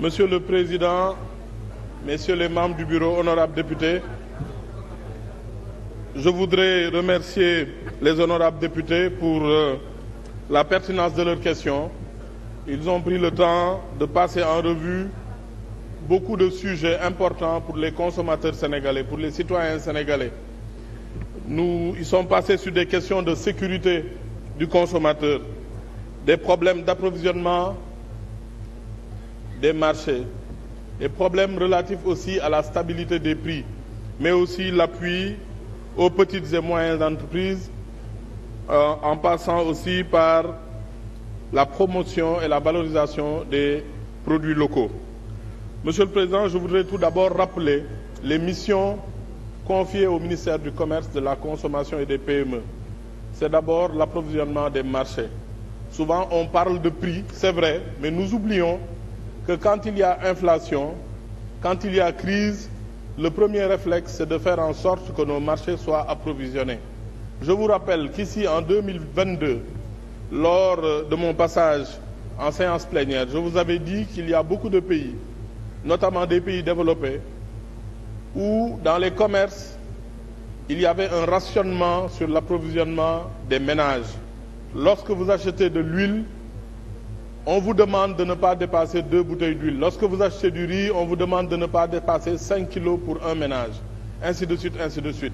Monsieur le Président, Messieurs les membres du bureau, honorables députés, je voudrais remercier les honorables députés pour euh, la pertinence de leurs questions. Ils ont pris le temps de passer en revue beaucoup de sujets importants pour les consommateurs sénégalais, pour les citoyens sénégalais. Nous ils sont passés sur des questions de sécurité du consommateur, des problèmes d'approvisionnement des marchés, des problèmes relatifs aussi à la stabilité des prix, mais aussi l'appui aux petites et moyennes entreprises, euh, en passant aussi par la promotion et la valorisation des produits locaux. Monsieur le Président, je voudrais tout d'abord rappeler les missions confiées au ministère du Commerce, de la Consommation et des PME. C'est d'abord l'approvisionnement des marchés. Souvent, on parle de prix, c'est vrai, mais nous oublions que quand il inflation, quand le premier réflexe, c'est de faire en sorte que nos marchés soient approvisionnés. Je vous rappelle qu'ici, en 2022, lors de mon passage en séance plénière, je vous avais dit qu'il y des pays développés, où dans les commerces, il y un rationnement sur l'approvisionnement des ménages. Lorsque vous achetez on vous demande de ne pas dépasser deux bouteilles d'huile. Lorsque vous achetez du riz, on vous demande de ne pas dépasser 5 kilos pour un ménage. Ainsi de suite, ainsi de suite.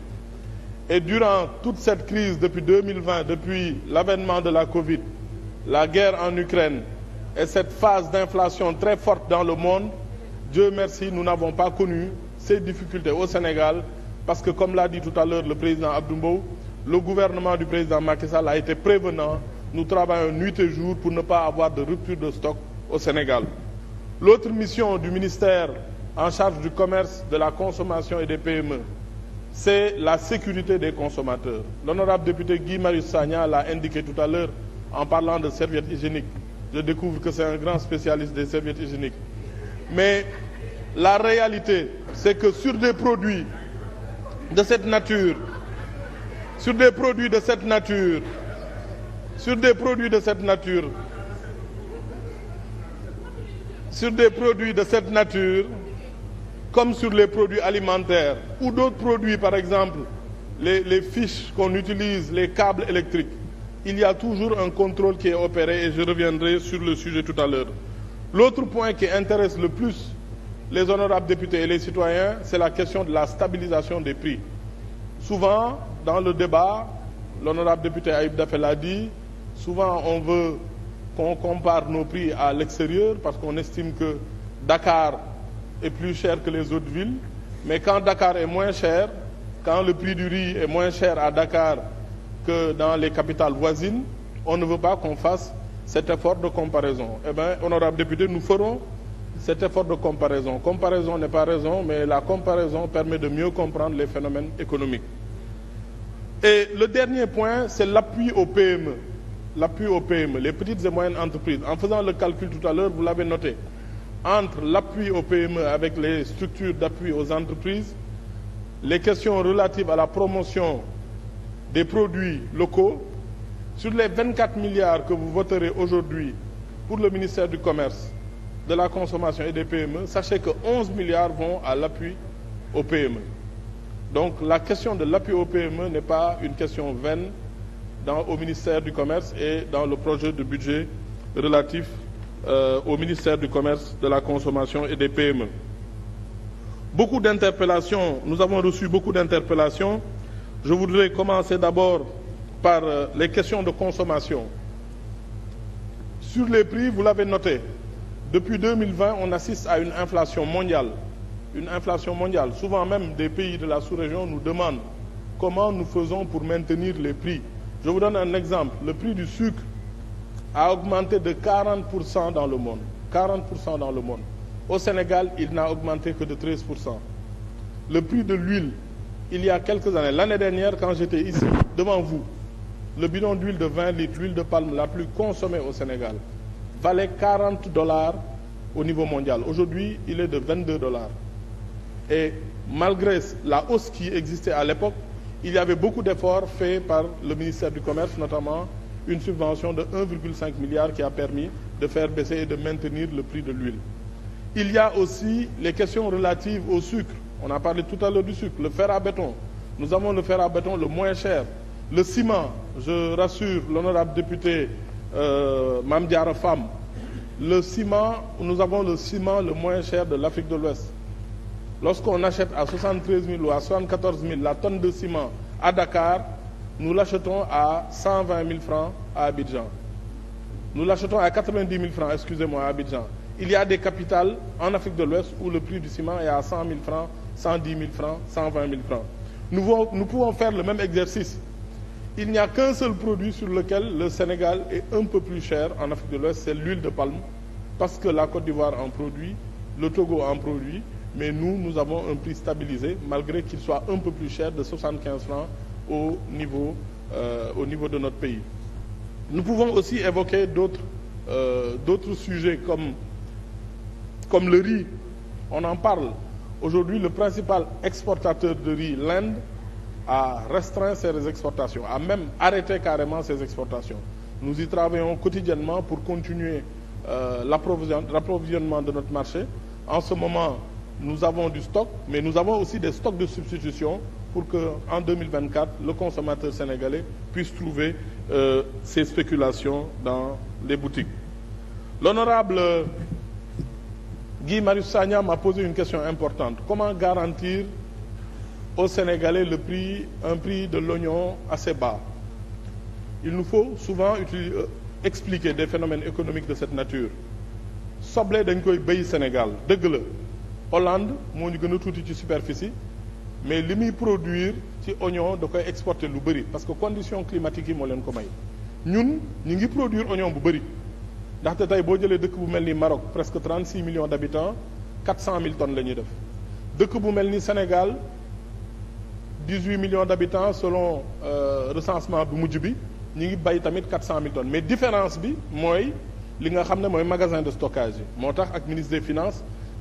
Et durant toute cette crise depuis l'avènement de la Covid, la guerre en Ukraine et cette phase d'inflation très forte dans le monde, Dieu merci, nous n'avons pas connu ces difficultés au Sénégal parce que, comme l'a dit tout à l'heure le président Abdoumbo, le gouvernement du président Macky Sall a été prévenant Nous travaillons nuit et jour pour ne pas avoir de rupture de stock au Sénégal. L'autre mission du ministère en charge du commerce, de la consommation et des PME, c'est la sécurité des consommateurs. L'honorable député Guy Marius Sagna l'a indiqué tout à l'heure en parlant de serviettes hygiéniques. Je découvre que c'est un grand spécialiste des serviettes hygiéniques. Mais la réalité, c'est que sur des produits de cette nature, sur des produits de cette nature, sur des produits de cette nature sur des de cette comme sur les produits alimentaires ou d'autres produits par exemple les les fiches qu'on utilise les câbles électriques il y a toujours un contrôle qui est opéré et je reviendrai sur le sujet tout à l'heure l'autre point qui intéresse le plus les honorables députés et les citoyens c'est la question de la stabilisation des prix souvent dans le débat l'honorable député Aïb Dafel a dit Souvent, on veut qu'on compare nos prix à l'extérieur parce qu'on estime que Dakar est plus cher que les autres villes. Mais quand Dakar est moins cher, quand le prix du riz est moins cher à Dakar que dans les capitales voisines, on ne veut pas qu'on fasse cet effort de comparaison. Eh bien, honorable député, nous de comparaison. Comparaison n'est pas raison, mais la comparaison permet de mieux comprendre les phénomènes économiques. Et le dernier point, c'est l'appui aux PME. l'appui aux PME, les petites et en faisant le calcul tout à l'heure, vous l'avez noté, entre l'appui aux PME avec les structures les questions relatives à la promotion des produits locaux, sur les 24 milliards que vous voterez aujourd'hui pour le ministère du Commerce, de la Consommation des PME, sachez que 11 milliards vont à l'appui aux PME. Donc la question de l'appui aux PME n'est pas une question vaine, dans, au ministère du Commerce et dans le projet de budget relatif euh, au ministère du Commerce, de la Consommation et des PME. Beaucoup d'interpellations, nous avons reçu beaucoup d'interpellations. Je voudrais commencer d'abord par euh, les questions de consommation. Sur les prix, vous l'avez noté, depuis 2020, on assiste à une inflation mondiale. Une inflation mondiale. Souvent même des pays de la sous-région nous demandent comment nous faisons pour maintenir les prix Je vous donne exemple. Le prix du sucre a augmenté de 40% dans le monde. 40% dans le monde. Au Sénégal, il n'a augmenté que de 13%. Le prix de l'huile, il y a quelques années, l'année dernière, quand j'étais ici, devant le bidon d'huile de 20 litres, l'huile de palme la plus consommée au Sénégal, valait 40 dollars au niveau mondial. Aujourd'hui, il est de 22 Et malgré la hausse qui à l'époque, il y avait beaucoup d'efforts faits par le ministère du Commerce, notamment une subvention de 1,5 milliard qui a permis de faire baisser et de maintenir le prix de l'huile. Il y a aussi les questions relatives au sucre. On a parlé tout à l'heure du sucre, le fer à béton. le fer à béton le moins cher. Le ciment, je rassure l'honorable député euh, Mamdiara Femme, le ciment, nous avons le ciment le moins cher de l'Afrique de l'Ouest. Lorsqu'on achète à 73 000 ou à 74 000 la tonne de ciment à à 120 000 francs à à 90 000 francs, excusez-moi, à Abidjan. Il y a des capitales en Afrique de l'Ouest où le prix du ciment est à 100 000 francs, 110 000 francs, 120 000 francs. Nous, vont, nous le même le Sénégal est un peu plus en Afrique de l'Ouest, de palme, parce que la Côte d'Ivoire en produit, le en produit, mais nous nous un prix stabilisé malgré qu'il soit un peu de 75 francs au niveau euh, au niveau de notre pays nous pouvons aussi évoquer d'autres euh, d'autres sujets comme comme le riz on en parle aujourd'hui le principal exportateur de riz l'Inde a restreint ses exportations a même arrêté carrément ses exportations nous y travaillons quotidiennement pour continuer euh, l'approvisionnement de notre marché en ce moment nous avons du stock, mais nous avons aussi des stocks de substitution pour qu'en 2024, le consommateur sénégalais puisse trouver euh, ses spéculations dans les boutiques. L'honorable euh, Guy Marius Sagna m'a posé une question importante. Comment garantir aux Sénégalais le prix, un prix de l'oignon assez bas Il nous faut souvent euh, expliquer des phénomènes économiques de cette nature. soble dañ koy béy Sénégal dëgg la Hollande moo ñu gën a tuuti ci superficie mais li muy produire ci oignon da koy exporter lu bëri parce que condition climatique yi moo leen ko may ñun ñu ngi produire oignon bu bëri ndaxte tey boo jëlee dëkk bu mel ni Maroc presque 36 millions d'habitants 400 000 tonnes la ñuy def dëkk bu mel ni Sénégal 18 millions d'habitants selon euh, recensement bu mujj bi ñu ngi bay tamit 400 000 tonnes mais différence bi mooy li nga xam ne mooy magasin de stockage yi moo tax ak ministre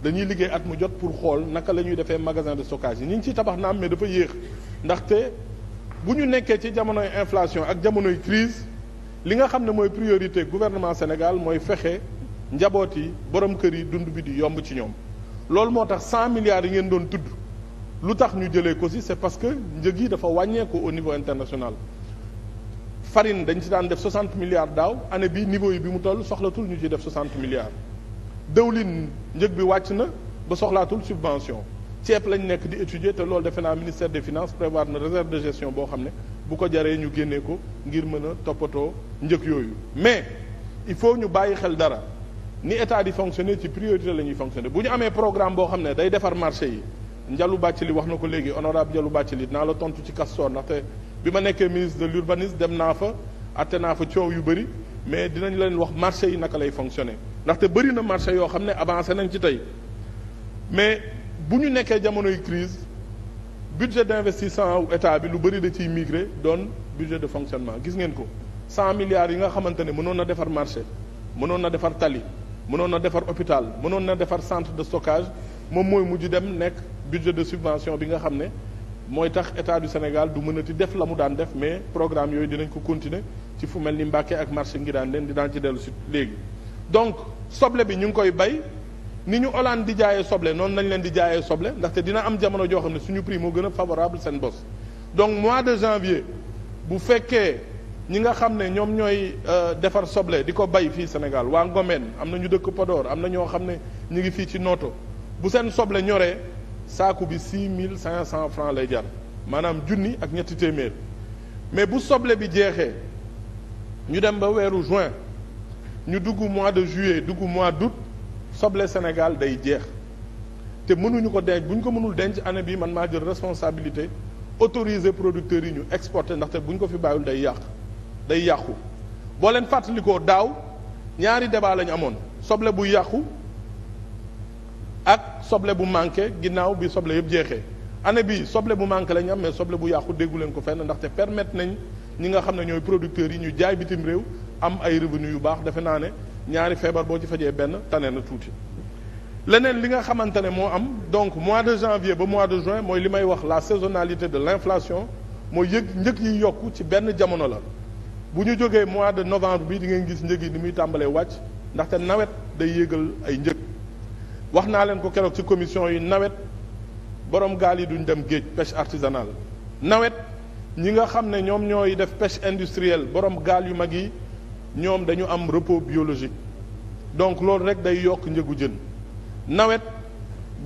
dañuy liggéey at mu jot pour xool naka la ñuy defee magasin de stockage yi ñu ngi ciy tabax na am dafa yéex ndaxte bu ñu nekkee ci jamonoy inflation ak jamonoy crise li nga xam ne mooy priorité gouvernement Sénégal mooy fexe njaboot yi borom kër yi dund bi di yomb ci ñoom loolu moo tax cent milliards yi ngeen doon tudd lu tax ñu jëlee ko si c'est parce que njëg yi dafa wàññeeku au niveau international farine dañ ci daan def 60 milliards daaw année bi niveau yi bi mu toll soxlatul ñu ciy def 60 milliards dëwlin njëg bi wàcc na ba soxlaatul subvention ceeb lañu nekk di étudier te loolu defe naa ministère de finances prévoir na réserve de gestion boo xam ne bu ko jaree ñu génnee ko ngir mën a toppatoo njëg yooyu mais il faut ñu bàyyi xel dara ni état di fonctionner ci priorité la ñuy fonctionner bu ñu amee programme boo xam ne day defar marché yi Ndiallo li wax na ko léegi honorable bàcc Bàccali naa la tontu ci Castor ndaxte bi ma nekkee ministre de l'urbanisme dem naa fa atte naa fa coow yu bëri mais dinañ leen wax marché yi naka lay fonctionner ndaxte bëri na marché yoo xam ne avancé nañ ci tey mais bu ñu nekkee jamonoy crise budget d'investissement wu état bi lu bëri da ciy migré doon budget de fonctionnement gis ngeen ko cent milliards yi nga xamante ne mënoon na defar marché mënoon na defar tali mënoon na defar hôpital mënoon na defar centre de stockage moom mooy mujj dem nekk budget de subvention bi nga xam ne mooy tax état du Sénégal du mënati def la mu daan def mais programme yooyu dinañ ko continuer ci fu mel ni Mbàkke ak marché ngiraan leen di daan ci dellu si léegi donc soble bi ñu ngi koy bay ni ñu Hollande di jaayee soble noonu nañ leen di jaaye soble ndaxte dina am jamono joo xam ne suñu prix moo gën a favorable seen bos donc mois de janvier bu fekkee ñi nga xam ne ñoom ñooy euh, defar soble di ko bay fii Sénégal waa Ngomeen am na ñu dëkk Podor am na ñoo xam ne ñu ngi fii ci Noto bu seen soble ñoree saaku bi six mille cinq cent francs lay jar maanaam junni ak ñetti téeméer mais bu soble bi jeexee ñu dem ba weeru juin ñu dugg mois de juillet dugg mois d'août soble Sénégal day jeex te mënuñu ko denc bu ñu ko mënul denc année bi man maa jël responsabilité autoriser producteurs yi ñu exporté ndaxte bu ñu ko fi bàyyul day yàq day yàqu boo leen fàttalikoo daaw ñaari débat la ñu amoon soble bu yàqu ak soble bu manqué ginnaaw bi soble yëpp jeexee année bi soble bu manqué la am mais soble bu yàqu déggu leen ko fenn ndaxte permettre nañ ñi nga xam ne ñooy producteurs yi ñu jaay bitim réew am ay revenu yu baax defe naa ne ñaari feebar boo ci fajee benn tane na tuuti. leneen li nga xamante ne moo am donc mois de janvier ba mois de juin mooy li may wax la saisonalité de l' inflation mooy yëg njëg yi yokk ci benn jamono la bu ñu jógee mois de novembre bi di ngeen gis njëg yi ni muy tàmbalee wàcc ndaxte nawet day yéegal ay njëg wax naa leen ko keroog ci commission yi nawet borom gaal yi duñ dem géej pêche artisanale nawet. ñi nga xam ne ñoom ñooy def pêche industrielle borom gaal yu mag yi ñoom dañu am repos biologique donc loolu rek day yokk njëgu jën nawet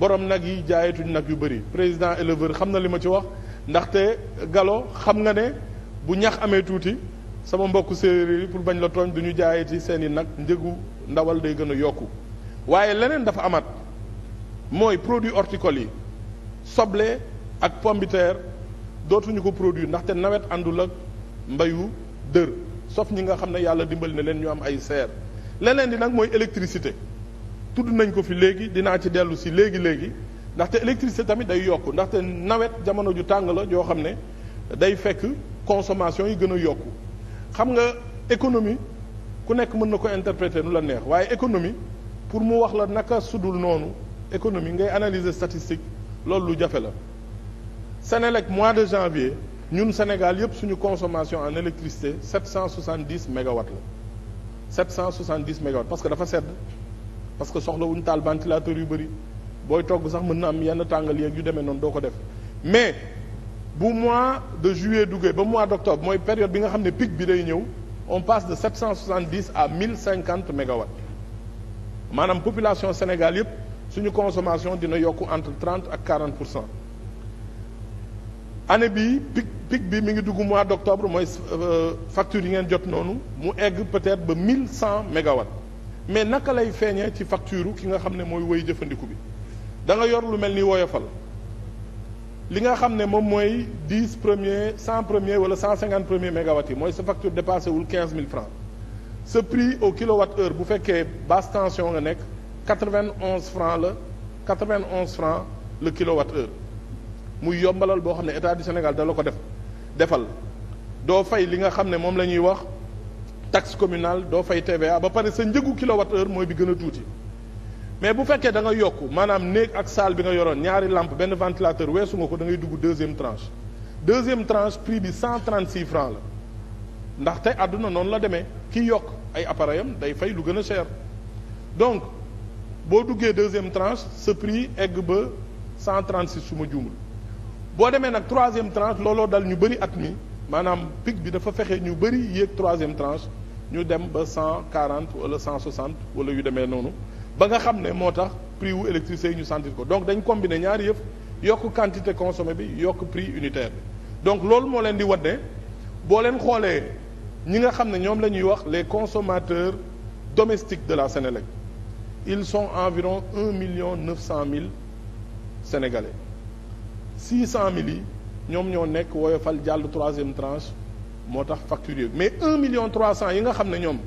borom nag yi jaayetuñ nag yu bëri président éleveur xam na li ma ci wax ndaxte galo xam nga ne bu ñax amee tuuti sama mbokk séeréer yi pour bañ la tooñ du ñu jaayee ci seen i nag njëgu ndawal day gën a yokku waaye leneen dafa amat mooy produit horticole yi soble ak pomme dootuñu ko produit ndaxte nawet àndul ak mbayu dër sof ñi nga xam ne yàlla dimbali na leen ñu am ay serre leneen di nag mooy électricité tudd nañ ko fi léegi dinaa ci dellu si léegi léegi ndaxte électricité tamit day yokk ndaxte nawet jamono ju tàng la joo xam ne day fekk consommation yi gën a yokk xam nga économie ku nekk mën na ko interpréter nu la neex waaye économie pour mu wax la naka sudul noonu économie ngay analyser statistique loolu lu jafe la Sénélec mois de janvier ñun Sénégal yëpp suñu consommation en électricité 770 mégawatts la 770 mégawatts parce que dafa sedd parce que soxla wuñu taal ventilateur yu bëri booy togg sax mën na am yenn tàngal yeeg yu demee noonu doo ko def mais bu mois de juillet duggee ba mois d' octobre mooy période bi nga xam ne pic bi day ñëw on passe de 770 à 1050 mégawatts maanaam population Sénégal yëpp suñu consommation dina yokk entre 30 ak 40 pour cent année bii pic pic bi mi ngi dugg mois d' octobre mooy euh, facture yi ngeen jot noonu mu egg peut-être ba mille cent mégawatts mais naka lay feeñee ci facture ki nga xam ne mooy woy jëfandiku bi da nga yor lu mel ni woyofal li nga xam ne moom mooy dix premier cent premier wala cent cinquante premier mégawatts yi mooy sa facture dépassé wul quinze mille francs ce prix au kilowatt heure bu fekkee basse tension nga nekk quatre vingt onze francs la quatre vingt onze francs le kilowatt heure muy yombalal boo xam ne état du Sénégal dala ko def defal doo fay li nga xam ne moom la ñuy wax taxe communal doo fay TVA ba pare sa njëgu kilowatt heure mooy bi gën a tuuti mais bu fekkee da nga yokk maanaam néeg ak salle bi nga yoroon ñaari làmp benn ventilateur weesu nga ko da ngay dugg deuxième tranche deuxième tranche prix bi cent trente six francs la ndaxte àdduna noonu la demee ki yokk ay appareil am day fay lu gën a cher donc boo duggee deuxième tranche ce prix egg ba cent trente six boo demee nag troisième tranche looloo dal ñu bëri at mi maanaam pic bi dafa fexe ñu bëri yéeg troisième tranche ñu dem ba cent quarante wala cent soixante wala yu demee noonu ba nga xam ne moo tax prix wu électricité yi ñu sentir ko donc dañ combiner ñaari yëf yokk quantité consommée bi yokk prix unitaire donc loolu moo leen di wadde boo leen xoolee ñi nga xam ne ñoom la ñuy wax les consommateurs domestiques de la Sénélec ils sont environ un million neuf cent mille sénégalais six cent mille ñoom ñoo nekk woyofal jàll troisième tranche moo tax facture yi mais un million trois cent yi nga xam ne ñoom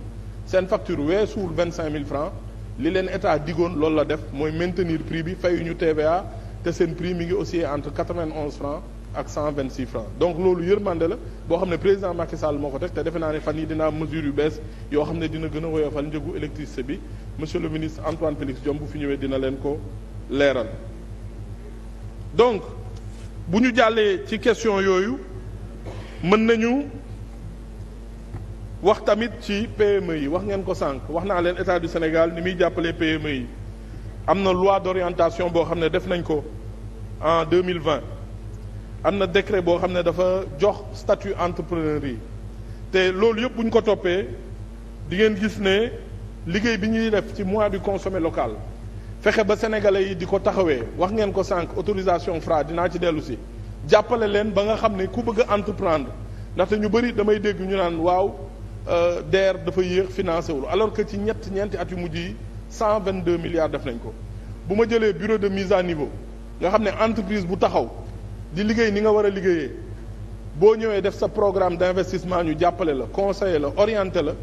seen facture weesuwul vingt cinq mille francs li leen état digoon loolu la def mooy maintenir prix bi ñu TVA te seen prix mi ngi oscillé entre quatre vingt onze francs ak cent vingt six francs donc loolu yërmande la boo xam ne président Macky Sall moo ko def te defe naa ne fan yi dinaa mesure yu bees yoo xam ne dina gën a woyofal njëgu électricité bi monsieur le ministre Antoine Félix Diome bu fi ñëwee dina leen ko leeral bu ñu jàllee ci question yooyu mën nañu wax tamit ci PME yi wax ngeen ko sànq wax naa leen état du Sénégal ni muy jàppalee PME yi am na loi d'orientation boo xam ne def nañ ko en deux mille vingt am na décret boo xam ne dafa jox statut entrepreneur yi te loolu yëpp bu ñu ko toppee di ngeen gis ne liggéey bi ñuy def ci mois du consommé local. fexe ba sénégalais yi di ko taxawee wax ngeen ko sànq autorisation Fra dinaa ci dellu si jàppale leen ba nga xam ne ku bëgg a entreprendre ndaxte ñu bëri damay dégg ñu naan waaw euh, DER dafa yéex financé wul alors que ci ñett ñeenti at yu mujj yi cent vingt deux milliards def nañ ko bu ma jëlee bureau de mise à niveau nga xam ne entreprise bu taxaw di liggéey ni nga war a liggéeyee boo ñëwee def sa programme d'investissement ñu jàppale la conseiller la orienté la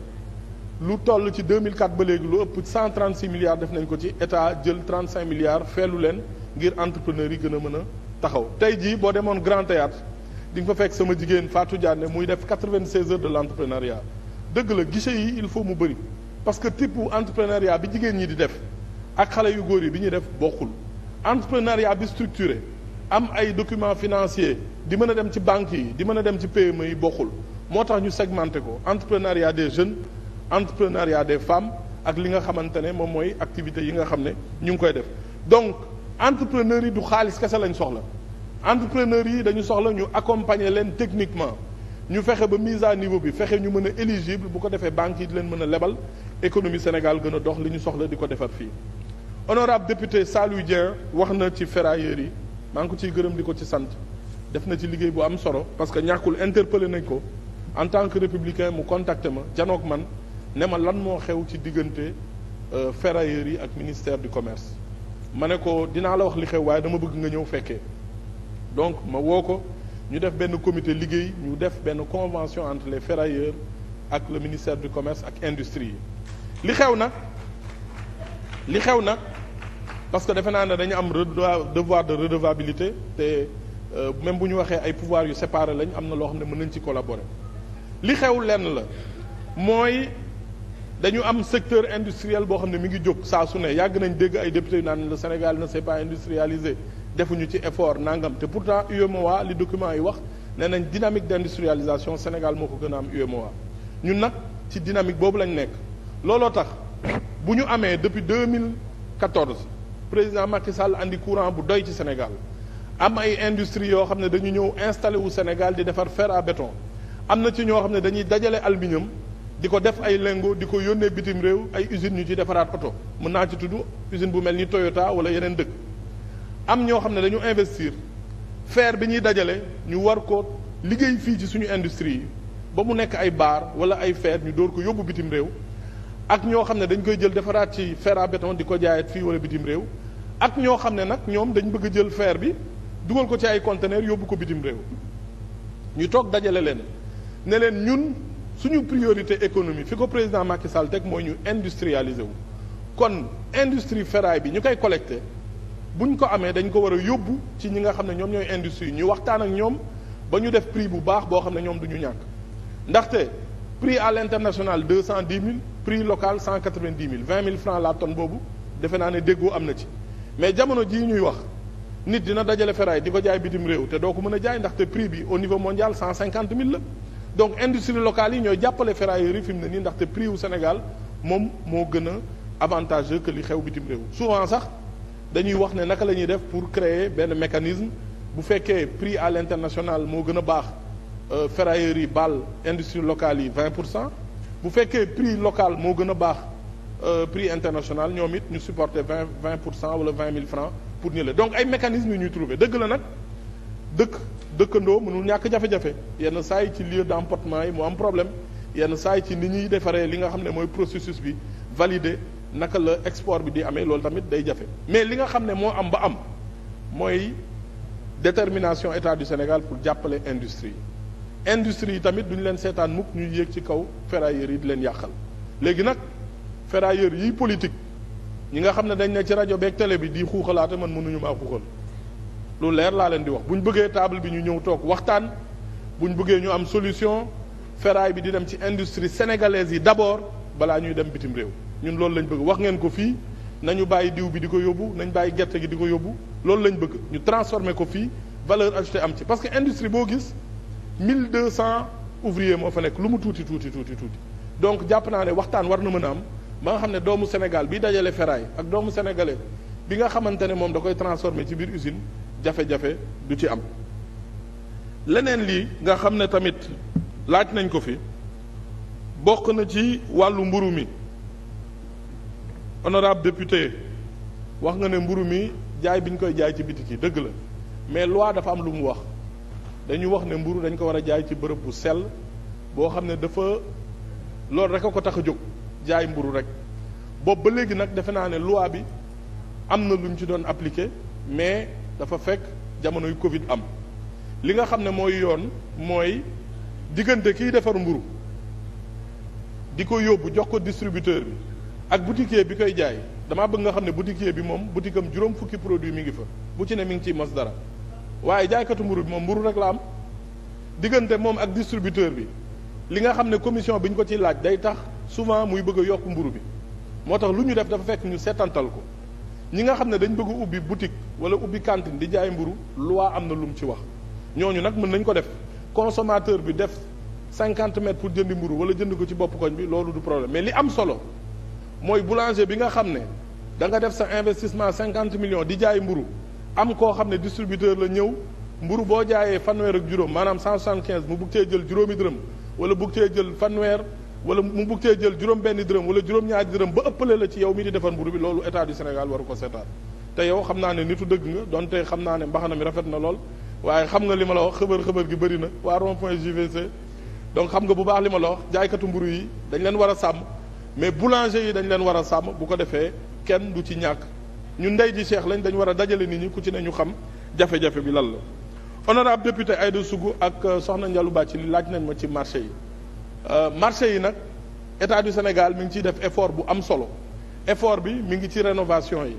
lu toll ci 2004 ba léegi lu ëpp 136 milliards def nañ ko ci état jël 35 milliards feelu leen ngir entrepreneur yi gën a mën a taxaw tey jii boo demoon Grand Théâtre di nga fa fekk sama jigéen faatu Diagne muy def 96 heures de l' entrepreneuriat dëgg la guichet yi il faut mu bëri parce que type entrepreneuriat bi jigéen ñi di def ak xale yu góor yi bi ñuy def bokkul entrepreneuriat bi structuré am ay documents financier di mën a dem ci banque yi di mën a dem ci pm e yi bokkul moo tax ñu segmenté ko entrepreneuriat des jeunes entrepreneuriat des femmes ak li nga xamante ne moom mooy activité yi nga xam ne ñu ngi koy def donc entrepreneurs yi du xaalis kese lañ soxla entrepreneurs yi dañu soxla ñu accompagner leen techniquement ñu fexe ba mise à niveau bi fexe ñu mën a éligible bu ko defee banques yi di leen mën a lebal économie Sénégal gën a dox li ñu soxla di ko defar fii honorable député Saliou Dieng wax na ci ferrailleurs yi maa ngi ko ciy gërëm di ko ci sant def na ci liggéey bu am solo parce que ñàkkul interpellé nañ ko en tant que mu contacté ma janoog man ne ma lan moo xew ci diggante euh, ferrailleurs yi ak ministère du commerce ma ne ko dinaa la wax li xew waaye dama bëgg nga ñëw fekkee donc ma woo ko ñu def benn comité liggéey ñu def benn convention entre les ferrailleurs ak le ministère du commerce ak industrie yi li xew nag li xew nag parce que defe naa ne dañu am devoir de redevabilité te euh, même bu ñu waxee ay pouvoir yu séparé lañ am na loo xam ne mën nañ ci collaborer li xew lenn la mooy dañu am secteur industriel boo xam ne mi ngi jóg saa su ne yàgg nañ dégg ay député yu naan le Sénégal ne s'est pas industrialisé defuñu ci effort nangam te pourtant UEMOA li document yi wax nee nañ dynamique d' industrialisation Sénégal moo ko gën a am UEMOA ñun nag ci dynamique boobu lañ nekk looloo tax bu ñu amee depuis 2014 président Macky Sall indi courant bu doy ci Sénégal am ay industrie yoo xam ne dañu ñëw installé wu Sénégal di defar fer à béton am na ci ñoo xam ne dañuy dajale aluminium di ko def ay lingots di ko yónnee bitim réew ay usines ñu ci defaraat oto mën naa ci tudd usine bu mel ni Toyota wala yeneen dëkk am ñoo xam ne dañu investir fer bi ñuy dajale ñu war ko liggéey fii ci suñu industrie yi ba mu nekk ay baar wala ay feer ñu dóor ko yóbbu bitim réew ak ñoo xam ne dañ koy jël defaraat ci fer à di ko jaayat fii wala bitim réew ak ñoo xam ne nag ñoom dañ bëgg jël fer bi dugal ko ci ay conteneurs yóbbu ko bitim réew ñu toog dajale leen leen ñun. suñu priorité économie fi ko président Macky Sall teg mooy ñu industrialiser wu kon industrie ferraille bi ñu koy collecté buñ ko amee dañ ko war a yóbbu ci ñi nga xam ne ñoom ñooy industrie ñu waxtaan ak ñoom ba ñu def prix bu baax boo xam ne ñoom du ñu ñàkk ndaxte prix à l'international deux cent dix mille prix local cent quatre vingt dix mille vingt mille francs la tonne boobu defe naa ne déggoo am na ci mais jamono jii ñuy wax nit dina dajale ferraille di ko jaay bitim réew te doo ko mën a jaay ndaxte prix bi au niveau mondial cent cinquante mille donc industrie locale yi ñooy jàppale ferrailleurs yi fi mu ne nii ndaxte prix wu Sénégal moom moo gën a avantage que li xew bitim réew souvent sax dañuy wax ne naka la ñuy def pour créer benn mécanisme bu fekkee prix à l'international moo gën a baax euh, ferrailleurs yi baal industrie locale yi 20 pour cent bu fekkee prix local moo gën a baax euh, prix international ñoom it ñu supporter 20 20 pour cent wala 20 000 francs pour ñu la donc ay mécanismes yu ñuy trouver dëgg la nag dëkk. dëkkandoo mënul ñàkk jafe-jafe yenn saa yi ci lieu d'emportement yi mu am problème yenn saa yi ci ni ñuy defaree li nga xam ne mooy processus bi validé naka la export bi di amee loolu tamit day jafe mais li nga xam ne moo am ba am mooy détermination état du Sénégal pour jàppale industrie yi industrie yi tamit du ñu leen seetaan mukk ñuy yéeg ci kaw ferrailleurs yi di leen yàqal léegi nag ferrailleurs yi politique ñi nga xam ne dañ ne ci rajo beeg télé bi di xuuxalaate man mënuñu maa lu leer laa leen di wax bu ñu bëggee table bi ñu ñëw toog waxtaan bu ñu bëggee ñu am solution ferraille bi di dem ci industrie sénégalaise yi d'abord balaa ñuy dem bitim réew ñun loolu lañ bëgg wax ngeen ko fii nañu bàyyi diw bi di ko yóbbu nañ bàyyi gerte gi di ko yóbbu loolu lañ bëgg ñu transformer ko fii valeur ajoutée am ci parce que industrie boo gis 1200 ouvriers moo fa nekk lu mu tuuti tuuti tuuti tuuti donc jàpp naa ne waxtaan war na mën a am ba nga xam ne doomu Sénégal bi dajale ferraille ak doomu sénégalais bi nga xamante ne moom da koy transformer ci biir usine jafe-jafe du ci am leneen lii nga xam ne tamit laaj nañ ko fi bokk na ci wàllu mburu mi honorable député wax nga ne mburu mi jaay bi ñu koy jaay ci bitik yi dëgg la mais loi dafa am lu mu wax dañu wax ne mburu dañ ko war a jaay ci bërëb bu sell boo xam ne dafa loolu rek a ko tax a jóg jaay mburu rek boobu ba léegi nag defe naa ne loi bi am na lu ñu ci doon appliqué mais dafa fekk jamonoy Covid am li nga xam ne mooy yoon mooy diggante kiy defar mburu di ko yóbbu jox ko distributeur bi ak boutiquier bi koy jaay damaa bëgg nga xam ne boutiquier bi moom boutique am juróom fukki produit mi ngi fa bu ci ne mi ngi ciy mos dara waaye jaaykatu mburu bi moom mburu rek la am diggante moom ak distributeur bi li nga xam ne commission bi ñu ko ciy laaj day tax souvent muy bëgg a yokk mburu bi moo tax lu ñu def dafa fekk ñu seetantal ko ñi nga xam ne dañ bëgg ubbi boutique wala ubbi cantine di jaay mburu loi am na lu mu ci wax ñooñu nag mën nañ ko def consomateur bi def cinquante mètres pour jëndi mburu wala jënd ko ci bopp koñ bi loolu du problème mais li am solo mooy boulanger bi nga xam ne da nga def sa investissement cinquante millions di jaay mburu am koo xam ne distributeur la ñëw mburu boo jaayee fanweer ak juróom maanaam cent soixante quinze mu bugg cee jël juróomi dërëm wala bugg cee jël fanweer wala mu bugg cee jël juróom benn dërëm wala juróom-ñaari dërëm ba ëppale la ci yow mi di defar mburu bi loolu état waru ko seetaan te yow xam naa ne nitu dëgg nga donte xam naa ne mbaxana mi rafet na lool waaye xam nga li ma la wax xëbër xëbër gi bëri na waa rond point JVC donc xam nga bu baax li la wax jaaykatu mburu yi dañ leen war a sàmm mais boulanger yi dañ leen war a sàmm bu ko defee kenn du ci ñàkk ñu ndey ji Cheikh lañ dañ war a dajale nit ñi ku ci ne ñu xam jafe-jafe bi lan la honorable député Aïda Sougou ak euh, soxna Ndialou Bàcci li laaj nañ ma ci marché yi euh, marché yi nag état du Sénégal mi ngi ciy def effort bu am solo effort bi mi ngi ci rénovation yi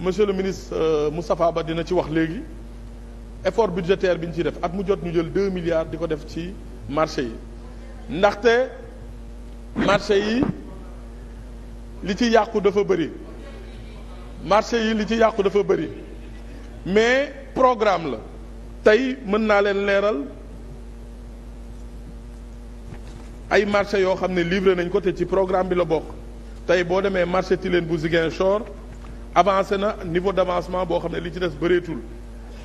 monsieur le ministre euh, Moustapha Ba dina ci wax léegi effort budgétaire bi ñu ciy def at mu jot ñu jël deux milliards di ko def ci marché yi ndaxte marché yi li ci yàqu dafa bëri marché yi li ci yàqu dafa bëri mais programme la tey mën naa leen leeral ay marché yoo xam ne livré nañ ko te ci programme bi la bokk tey boo demee marché Tilène bu Ziguinchor avancé na niveau d' avancement boo xam ne li ci des bëreetul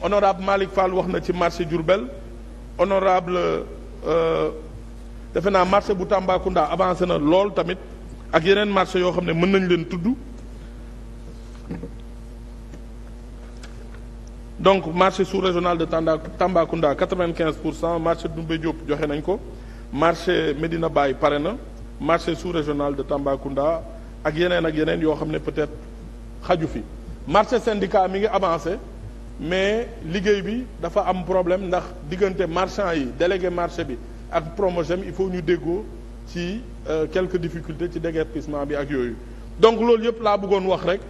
honorable Malick Fall wax na ci marché Diourbel honorable euh, defe naa marché bu Tambacounda avancé na lool tamit ak yeneen marché yoo xam ne mën nañ leen tudd donc marché sous-régional de Tamba Tambacounda quatre-vingt-quinze pour cent marché Doumbé Diop joxe nañ ko marché Medina bàyyi pare na marché sous-régional de Tambacounda ak yeneen ak yeneen yoo xam ne peut-être xaju fi marché syndicat mi ngi avancé mais liggéey bi dafa am problème ndax diggante marchand yi délégué marché bi ak promogem il faut ñu déggoo ci euh, quelques difficultés ci déguerpissement bi ak yooyu donc loolu yëpp laa bëggoon wax rek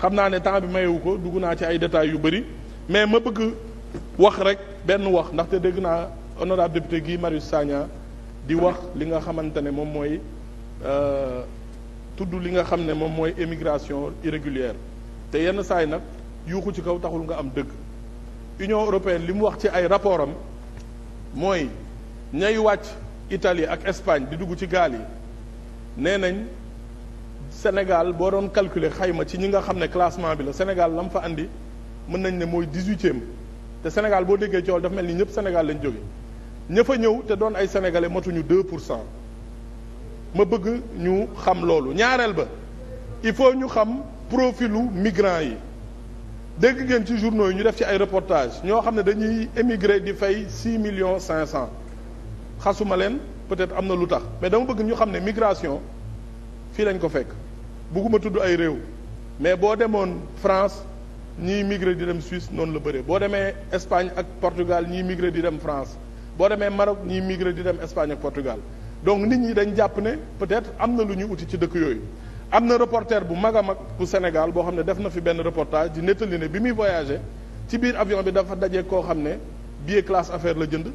xam naa ne temps bi mayewu ko dugg naa ci ay détails yu bëri mais ma bëgg wax rek benn wax ndaxte dégg naa honorable député Guy Marius Sagna di wax li nga xamante ne moom mooy euh, tudd li nga xam ne moom mooy émigration irrégulière te yenn saay nag yuuxu ci kaw taxul nga am dëgg Union européenne li mu wax ci ay rapport am mooy ñay wàcc Italie ak Espagne di dugg ci gaal yi nee nañ Sénégal boo doon calculer xayma ci ñi nga xam ne classement bi la Sénégal la mu fa andi mën nañ ne mooy dix-huitième te Sénégal boo déggee cool dafa mel ni ñëpp Sénégal lañ jóge ña ñëw te doon ay sénégalais matuñu deux pour cent ma bëgg ñu xam loolu ñaareel ba il faut ñu xam profilu migrants yi dégg ngeen ci journaux yi ñu def ci ay reportage ñoo xam ne dañuy émigré di fay six millions cinq cent xasuma leen peut-être am na lu tax mais dama bëgg ñu xam ne migration fii lañ ko fekk bëgguma tudd ay réew mais boo demoon France ñiy migré di dem Suisse noonu la bëree boo demee Espagne ak Portugal ñiy migré di dem France boo demee Maroc ñii migré di dem Espagne ak Portugal donc nit ñi dañ jàpp ne peut-être am na lu ñu uti ci dëkk yooyu am na reporter bu mag a mag bu Sénégal boo xam ne def na fi benn reportage di nettali ne bi muy voyagé ci biir avion bi dafa daje koo xam ne billet classe affaire la jënd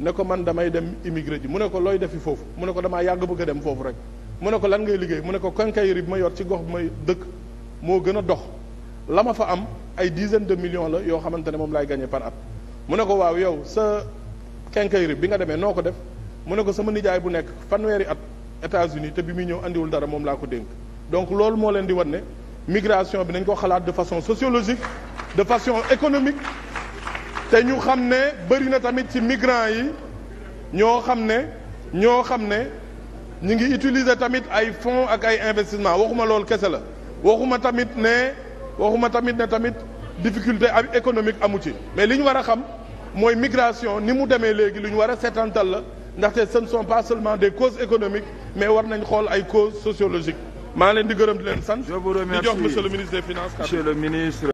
ne ko man damay dem immigré ji mu ne ko looy defi foofu mu ne ko damaa yàgg bëgg a dem foofu rek mu ne ko lan ngay liggéey mu ne ko quincaillerie bi ma yor ci gox bi may dëkk moo gën a dox la ma fa am ay dizaine de million la yoo xamante ne moom laay gagné par at mu ne ko waaw yow sa quincaillerie bi nga demee noo ko def mu ne ko sama nijaay bu nekk fanweeri at États-Unis te bi muy ñëw indiwul dara moom laa ko dénk donc loolu moo leen di wan migration bi nañ ko xalaat de façon sociologique de façon économique te ñu xam ne bëri na tamit ci migrants yi ñoo xam ne ñoo xam ne ñu ngi utiliser tamit ay fonds ak ay investissement waxuma loolu kese la waxuma tamit ne waxuma tamit ne tamit difficulté économique amu ci mais li ñu war a xam mooy migration ni mu demee léegi lu ñu war a seetantal la ndaxte ce ne sont pas seulement des causes économiques mais war nañ xool ay causes sociologiques maa leen di gërëm di leen sant. di jox monsieur le ministre des finances. monsieur